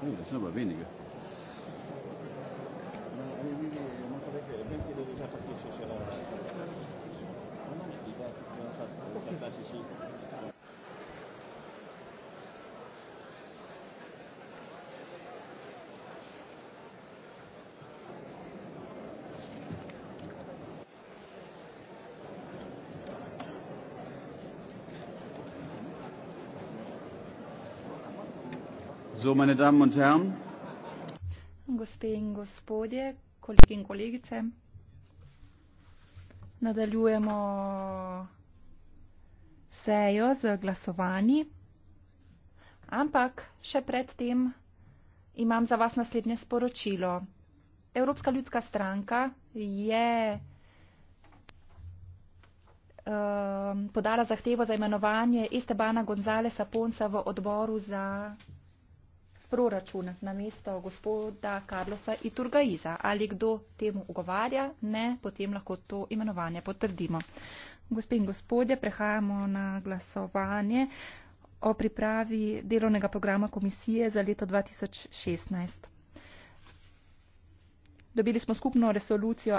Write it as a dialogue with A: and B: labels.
A: Hm, das ist aber weniger.
B: So, meine Damen und Herren,
C: gospe in gospodje, kolegi in kolegice, nadaljujemo sejo z glasovanji, ampak še predtem imam za vas naslednje sporočilo. Evropska ljudska stranka je um, podala zahtevo za imenovanje Estebana Gonzalesa Ponca v odboru za proračun na mesto gospoda Karlosa Iturgaiza. Ali kdo temu ugovarja? Ne, potem lahko to imenovanje potrdimo. Gospe in gospodje, prehajamo na glasovanje o pripravi delovnega programa komisije za leto 2016. Dobili smo skupno resolucijo